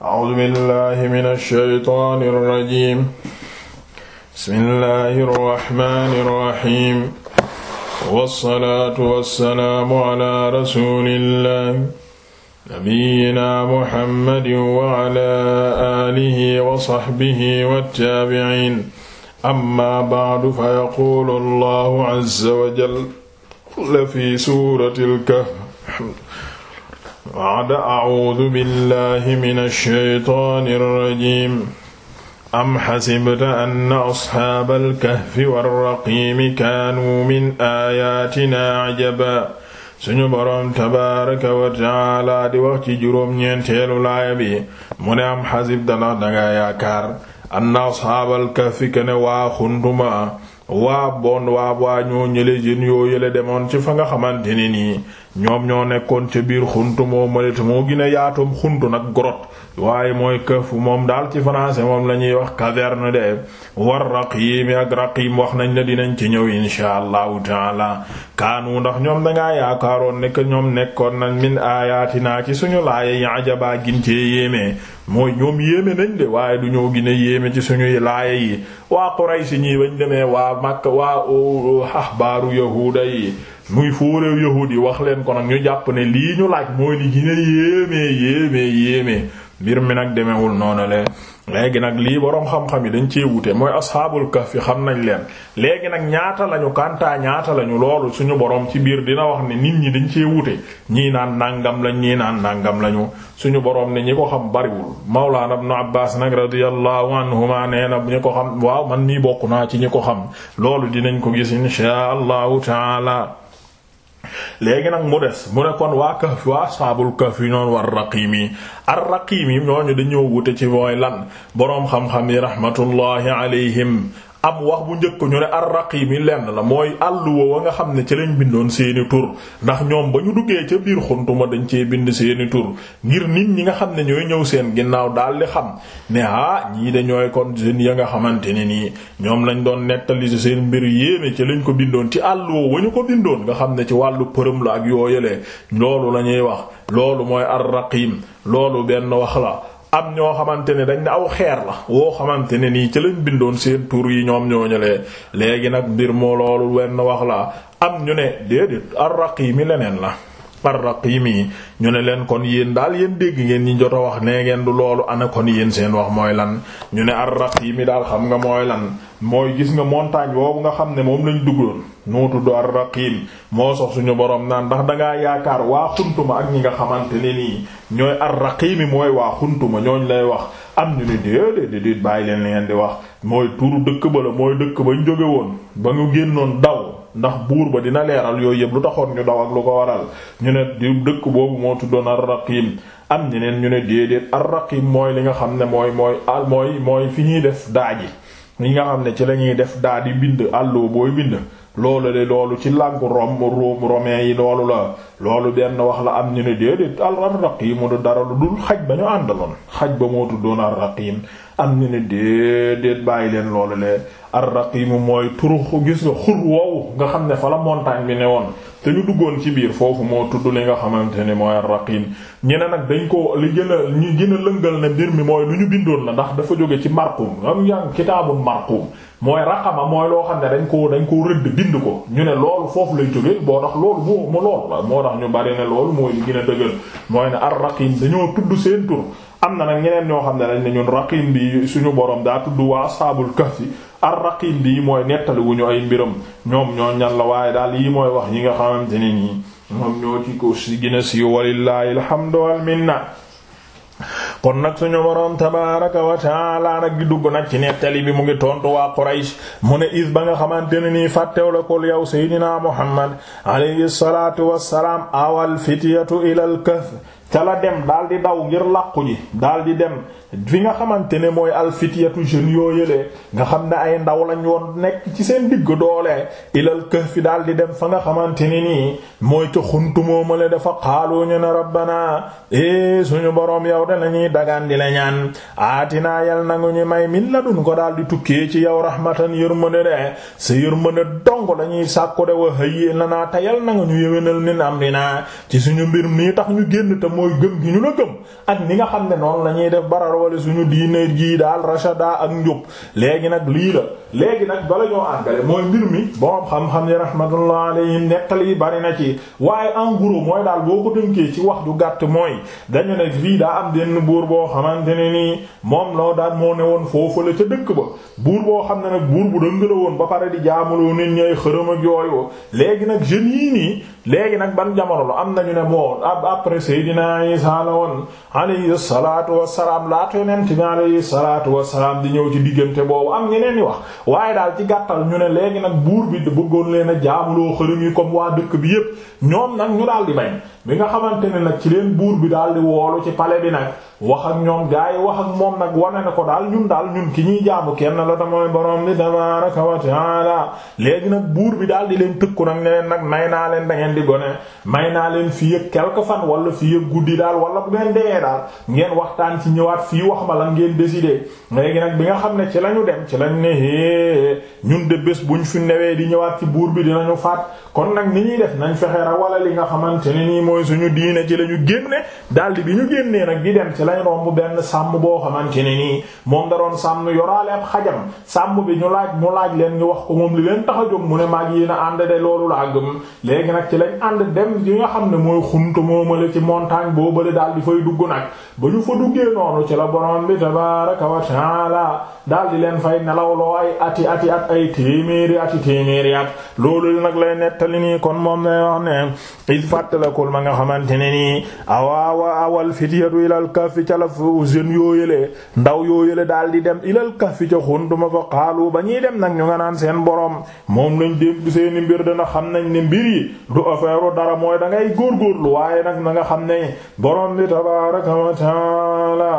A'uuzu billaahi mina shaytaani rajiim. Bismillaahi rahmaani rahiim. Wassalaatu wassalaamu alaa rasuulillaahi nabiyyinaa Muhammadin wa alaa aalihi wa sahbihi wattaabi'iin. Ammaa ba'du fayaquulu Allaahu azza wa jalla fii suuratil kahf. wada acuudu billahi min alsheytaan alrajim am xasibta anna asxaaba alkahfi warraqiimi kaanuu min aayaatina ajaba suñu boroom tabaaraka wa tacaala di wax ci juróom-ñeenteelu laaya bi mu ne am xasib dalax dangaa yaakaar anna asxaaba alkahfi kene waa xuntuma waa bon waa waa ñoo ñële jën yoo yële demoon ci fa nga xamante ne nii ñoom ñoo nekkoon ca biir xuntu moo mënate moo gën a yaatum xuntu nag gorot waaye mooy këf moom daal ci français moom la ñuy wax caverne de war raqiim ak raqiim wax nañ la dinañ ci ñëw insha allahu taala kaanu ndax ñoom dangaa yaakaaroon ne ñoom nekkoon nañ min naa ci suñu laaye yi ajabaa gin cee yéeme mooy ñoom yéeme nañ de waaye du ñoo gine yéeme ci suñuy laaye yi waa Quraysi ñi bañ demee waa Makka waa ahbaaru yahuuda yi muy fóoréew yahuud yi wax leen ko nag ñu jàpp ne lii ñu laaj mooy li gine yéeme yéeme yéeme mbir mi nag demewul noonu le léegi nag lii boroom xam-xam yi dañ ci wute mooy asxaabul kahfi xam nañ leen léegi nag ñaata lañu kantaa ñaata lañu loolu suñu boroom ci biir dina wax ni nit ñi dañ cee wute ñii naan nangam lañ ñii naan nangam lañu suñu boroom ne ñi ko xam bariwul mawlaana ibnu abbaas nag radiyallahu anhuma nee na ñi ko xam waaw man mii bokk naa ci ñi ko xam loolu dinañ ko gis inshaa allahu taala léegi nag mu des mu ne kon waa Kahf waa saabul Kahf yi ñoon war raqiim yi ar raqiim yi ñooñu dañoo wute ci mooy lan boroom xam-xam yi rahmatullahi alayhim am wax bu njëkk ñu ne ar arraqim yi lenn la mooy àlluwa wa nga xam ne ci lañ bindoon seeni tur ndax ñoom ba ñu duggee ca biir xuntuma dañ cee bind seeni tur ngir nit ñi nga xam ne ñooy ñëw seen ginnaaw daal di xam ne ah ñii de ñooy kon seen ya nga xamante ne nii ñoom lañ doon nettali ci seen mbir yéeme ci lañ ko bindoon ci àlluwa wa ñu ko bindoon nga xam ne ci wàllu përëm la ak yoo yooyalee loolu la ñuy wax loolu mooy arraqim loolu benn wax la am ñoo xamante ne dañ ne aw xeer la woo xamante ne nii ci lañ bindoon seen tur yi ñoom ñoo ñooñulee léegi nag mbir moo loolu wenn wax la am ñu ne déedéet arraq yi mi leneen la arraqimi ñu ne leen kon yéen daal yéen dégg ngeen ñi jot a wax nee ngeen du loolu ana kon yéen seen wax mooy lan ñu ne arraqimi daal xam nga mooy lan mooy gis nga montagne boobu nga xam ne moom lañ duggoon du do arraqim moo sox suñu borom naan ndax dangaa yaakaar waa xuntuma ak ñi nga xamante ni nii ñooy arraqimi mooy waa ma ñooñ lay wax am ñu ne déedéet déedéet bàyyi leen li ngeen di wax mooy turu dëkk ba la mooy dëkk ba ñu jóge woon ba ñu génnoon daw ndax buur ba dina leeral yooyu yëpp lu taxoon ñu daw ak lu ko waral ñu ne di dëkk boobu moo tuddoon ar-Raqiim am ñeneen ñu ne déedéet ar mooy li nga xam ne mooy mooy al mooy mooy fi ñuy def daaji li nga xam ne ci la ñuy def daa di bind àlloo booy bind loolu de loolu ci làngu rom room yi loolu la loolu benn wax la am ñu ne déedéet al raqiim du dara lu dul xaj ba ñu àndaloon xaj ba moo tuddoon ar raqiim am ñu ne déedéet bàyyi leen loolu le ar raqiim mooy turu gis nga xur woowu nga xam ne fa la montagne bi ne woon te ñu duggoon ci biir foofu moo tudd li nga xamante ne mooy ar raqiim ñeneen nag dañ koo li gën a ñu gën a lëngal ne mbir mi mooy lu ñu bindoon na ndax dafa jóge ci marquum am yang kitaabul marquum mooy raqama mooy loo xam ne dañ ko dañ ko rëdd bind ko ñu ne loolu foofu lay jóge boo tax ñu bari ne loolu mooy li gën a dëgër mooy ne ar am na nag ñeneen ñoo xam ne dañ ne ñun raqim bi suñu borom daa tudd waa ashaabul kahfi bi mooy nettali wu ñu ay mbiram ñoom ñoo ñan la waaye daal yii mooy wax ñi nga xamante ne nii moom ñoo ci ko si gën a siiw alhamdu wal kon nag suñu boroom tabaaraka wa taala nag di dugg nag ci nettali bi mu ngi tontu waa Quraysh mu ne is ba nga xamante ne nii fàttew la kol yow seydinaa Muhammad alayhi salaatu wassalaam awal fityatu ilal kahf ca la dem daal di daw ngir làqu ji daal di dem fi nga xamante ne mooy alfitiyatu jeunes yoo yëlee nga xam ne ay ndaw lañu woon nekk ci seen digg doole ilal fi daal di dem fa nga xamante ne nii mooy ca xuntu moomale dafa xaalu ñu ne rabbana e suñu boroom yow dana ñuy dagaan di la ñaan aatinaa yal nangu ñu may min la dun ko daal di tukkee ci yow rahmatan yërmande de sa yërmande dong la ñuy sàkku de wa hayyi lanaa te yal nangu ñu yéwénal min amrina ci suñu mbir mi ñu mooy gëm gi ñu la gëm ak ni nga xam ne noonu la ñuy def barar wala suñu diine jii daal rachada ak njub léegi nag lii la léegi nag bala ñoo àggale mooy mbir mi boom xam-xam yi rahmatullah alayhim nettali yi bari na ci waaye en gros daal boo ko dënkee ci wax ju gàtt mooy dañu ne fii daa am denn buur boo xamante ne nii moom loo daan moo ne woon foofu la ca dëkk ba buur boo xam ne nag buur bu dëng woon ba pare di jaamuloo nit ñay xërëm ak yooyu léegi nag jeunes yii nii ban jamono Seydina Isa la woon alayhi salaatu wassalaam laata yonent bi alayhi salaatu wassalaam di ñëw ci diggante boobu am ñeneen i wax waaye daal ci gàttal ñu ne léegi nag buur bi bëggoon leen a jaamuloo xërëm yi comme waa dëkk bi yépp ñoom nag ñu daal di bi nga xamante ne nag ci leen buur bi daal di woolu ci palais bi nag wax ak ñoom gaa yi wax ak moom nag wane na ko daal ñun daal ñun ki ñuy jaamu kenn la damooy borom bi tabaaraka wa taala léegi nag buur bi daal di leen tëkku nag ne leen nag may naa leen da ngeen di gone may naa leen fii ak quelque fan wala fii ak guddi daal wala bu ngeen dee daal ngeen waxtaan ci ñëwaat fii wax ma lan ngeen décidé léegi nag nga xam ne ci la ñu dem ci lañ ne de bés buñ fi newee di ñëwaat ci buur bi dinañu faat kon nag ni ñuy def nañ fexe li nga xamante ne nii mooy suñu diine ci la ñu génne daldi bi ñu génnee nag di dem ci lañ romb benn sàmm boo xamante ne nii moom da doon sàmm yoraale ab xajam sàmm bi ñu laaj mu laaj leen ñu wax ko moom li leen tax a jóg mu ne maag yéen a ànd de loolu la àggum léegi nag ci lañ ànd dem yi nga xam ne mooy xuntu moomale ci montagne montagne boobale daal di fay dugg nag ba ñu fa duggee noonu ci la borom bi tabaaraka wa taala daal di leen fay nelawloo ay ati ati at ay téeméeri ati téeméeri at loolu nag lay nettali nii kon moom lay wax ne il fàttalakul ma nga xamante ne nii awaawa awal fityatu ilal kahfi ca la jeune yooyale ndaw yooyale daal di dem ilal kahfi ca xunduma fa xaalu ba ñuy dem nag ñu nga naan seen borom moom lañ dégg seeni mbir dana xam nañ ne mbir yi du affaire dara mooy da ngay góorgóorlu borom bi tabaaraka wa taala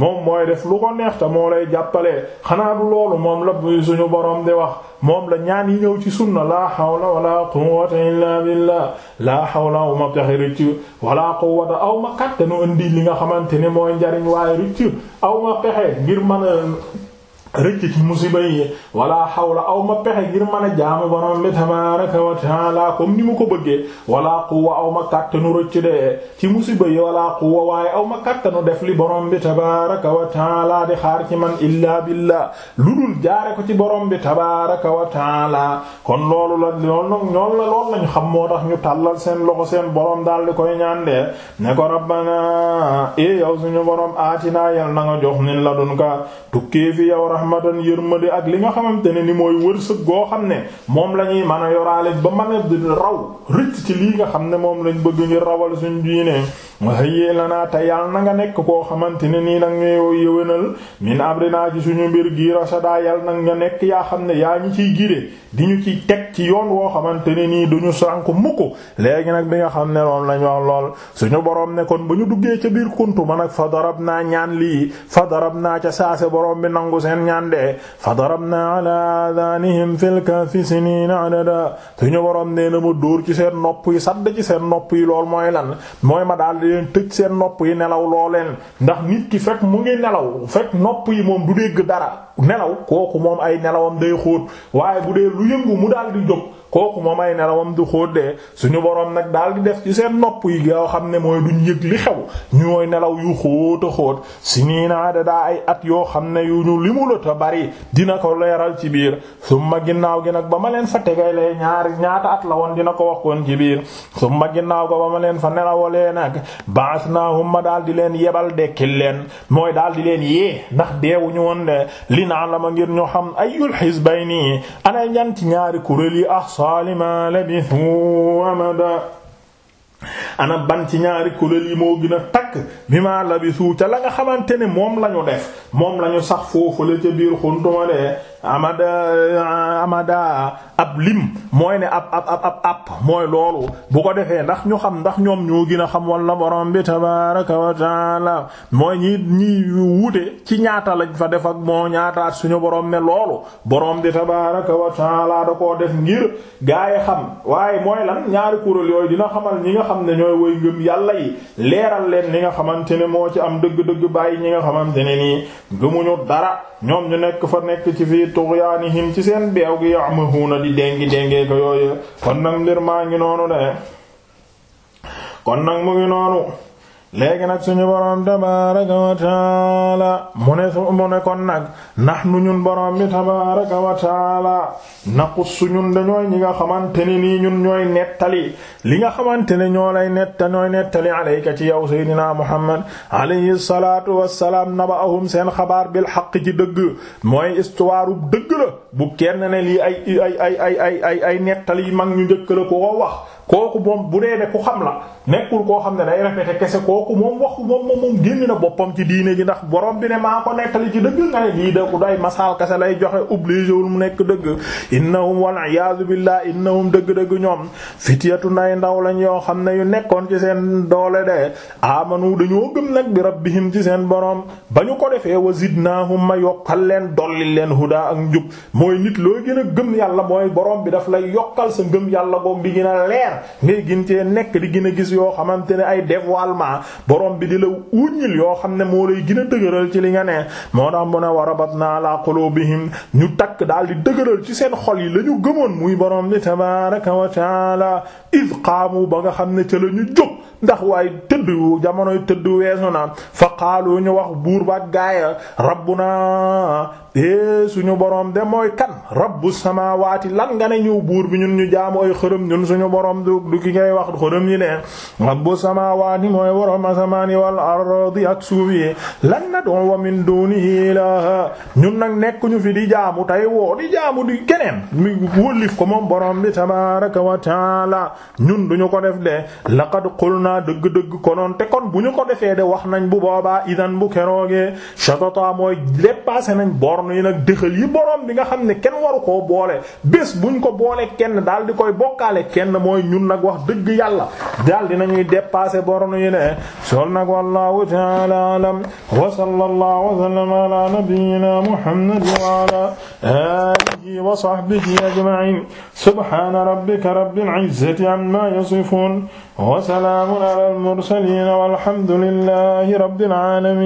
moom mooy def lu ko neex te moo lay jàppale xanaa du loolu moom la buy suñu borom di wax moom la ñaan yi ci sunna laa hawla wala quwwata illaa billah laa hawla aw ma pexe rëcc wala quwwata aw ma kàttanu indi li nga xamante ne mooy njariñ waaye rëcc aw ma pexe ngir mën rëcc ci musiba yi wala xawla aw ma pexe ngir mën a jaamu borom bi tabaaraka wa taala comme ni mu ko bëggee wala quwwa aw ma kàttanu rëcc de ci musiba yi wala quwwa waaye aw ma kàttanu def li borom bi tabaaraka wa taala di xaar ci man illaa billah lu dul jaare ko ci borom bi tabaaraka wa taala kon loolu la lool nag ñoom la lool lañ moo tax ñu tàllal seen loxo seen borom daal di koy ñaan de ne ko rabbana e yow suñu borom aatinaa yal na nga jox nin ladunka tukki fi rahmatan yërmande ak li nga xamante ne ni mooy wërsëg goo xam ne moom la ñuy mën a yoraale ba ma a raw rëcc ci lii nga xam ne moom lañ bëgg ngir rawal suñ diine hayyi naa te yàlla na nga nekk koo xamante ne nii nag ñooy yëwénal min amrinaa ci suñu mbir gi rasadaa yal nag nga nekk yaa xam ne yaa ñu ciy gire di ñu ciy teg ci yoon woo xamante ne nii ñu sànku mukk léegi nag bi nga xam ne lool lañ wax lool suñu borom ne kon ba ñu duggee ca biir kuntu ma nag fa darab naa ñaan lii fa darab naa ca saase boroom bi nangu seen ñaan de fa darab naa ala adanihim fil kahfi sinina adada suñu borom nee na ma dóor ci seen nopp yi sadd ci seen nopp yi lool mooy lan di leen tëj seen nopp yi nelaw loo leen ndax nit ki fekk mu ngi nelaw fekk nopp yi moom du dégg dara nelaw kooku moom ay nelawam day xóot waaye bu dee lu yëngu mu daal di jóg kooku moom ay nelawam du xóotdee suñu boroom nag daal di def ci seen nopp yi yoo xam ne mooy duñ yëg li xew ñooy nelaw yu xóota xóot si nii naa dadaa ay at yoo xam ne yu ñu limu ta bari dina ko leeral ci biir summa ginnaaw gi nag ba ma leen fa tegalee ñaari ñaata at la woon dina ko wax ci biir summa ginnaaw ko ba ma leen fa nelawalee nag baas naa ma daal di leen yebal dekkil leen mooy daal di leen yee ndax deewuñu woon de li naa la ma ngir ñoo xam ayyul xisbayni ana ñan ci ñaari kuréel yi ah absaali ma labithu amada ana ban ci ñaari kuréel yi moo gën a takk bi ma labithu ca la nga xamante ne moom lañu def moom lañu sax foofu la ca biir xuntuma de amada euh, amada ab lim mooy ne ab ab ab ab mooy loolu bu ko defee ndax ñu xam ndax ñoom ñoo gën a xam wala borom bi tabaraka wa taala mooy ñi ñi wuute ci ñaata lañ fa def ak moo ñaataat suñu borom ne loolu borom bi tabaraka wa taala da koo def ngir gaay xam waaye mooy lan ñaari kuréel yooyu dina xamal ñi nga xam ne ñooy woy ngëm yàlla yi leeral leen li nga xamante ne moo ci am dëgg-dëgg bàyyi ñi nga xamante ne nii gëmuñu dara ñoom ñu bi tughyanihim ci seen beew gi ya'mahuuna di dengi dengee ko yooyu kon nag mbir maa ngi noonu de kon nag mu ngi noonu léegi nag suñu boroom tabaaraka wa taala mu ne mu ne kon nag nahnu ñun boroom bi tabaaraka wa taala naqussu ñun dañooy ñi nga xamante ne nii ñun ñooy nettali li nga xamante ne ñoo lay netta ñooy nettali alayka ci yow seydinaa Muhammad alayhi salaatu wassalaam naba'ahum seen xabaar bil xaq ci dëgg mooy histoire bu dëgg la bu kenn ne lii ay ay ay ay ay ay ay nettali mag ñu njëkk ko wax kooku moom bu dee ne ku xam la nekkul koo xam ne day répété kese kooku kooku moom waxu moom moom génn na boppam ci diine ji ndax borom bi ne maa ko nettali ci dëgg nga ne lii da ko doy masal kese lay joxe obligé wul mu nekk dëgg innahum wal iyaadu billah innahum dëgg-dëgg ñoom fityatu nay ndaw lañ yoo xam ne yu nekkoon ci seen doole de amanu dañoo gëm nag bi rabbihim ci seen boroom ba ñu ko defee wa zidnaahum ma yokkal leen dolli leen huda ak njub mooy nit loo gën a gëm yàlla mooy borom bi daf lay yokkal sa yàlla goog di nekk di gën a gis yoo xamante ne ay dévoilement borom bi di la wuññil yoo xam ne moo lay gën a dëgëral ci li nga ne moo tax mu ne wa rabatna ala qulubihim ñu takk daal di dëgëral ci seen xol yi la gëmoon muy borom bi tabaraka wa taala id ba nga xam ne ca la ñu jóg ndax waaye tëdd jamonoy tëdd weesu na fa qaalu ñu wax buur ba gaaya rabbuna ee eh, suñu borom de mooy kan rabbu samaawaati lan nga ne ñëw buur bi ñun ñu jaamu ay xërëm ñun suñu borom du du ki ngay wax xërëm yi ne rabbu samaawaati mooy borom asamaani wal ardi ak suuf yi lan na wa min dunihi ilaaha ñun nag nekkuñu fi di jaamu tey woo di jaamu di keneen mi wëllif ko moom borom bi tabaaraka wa taala ñun duñu ko def de laqad qulna naa dëgg-dëgg konoon te kon bu ñu ko defee de wax nañ bu boobaa idan bu keroogee shatata mooy dépassé nañ borne yi nag dëxal yi boroom bi nga xam ne kenn waru koo boole bés buñ ko boole kenn daal di koy bokkaale kenn mooy ñun nag wax dëgg yàlla daal dinañuy dépassé borne yi ne sol nag wallahu ta'ala alam wa sallallahu wa sallama ala nabiyyina muhammad wa ala alihi wa sahbihi ajma'in subhana rabbika rabbil izzati amma yasifun wa salaam salaamun ala al mursaliin walhamdu lillaahi rabbil aalamiin